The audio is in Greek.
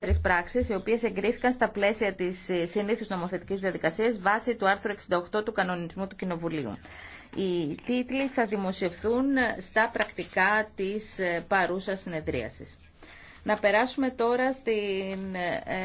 τρει πράξει, οι οποίε εγκρίθηκαν στα πλαίσια τη ε, συνήθου νομοθετική διαδικασία βάσει του άρθρου 68 του κανονισμού του Κοινοβουλίου. Οι τίτλοι θα δημοσιευθούν στα πρακτικά της ε, παρούσας συνεδρίασης. Να περάσουμε τώρα στην ε,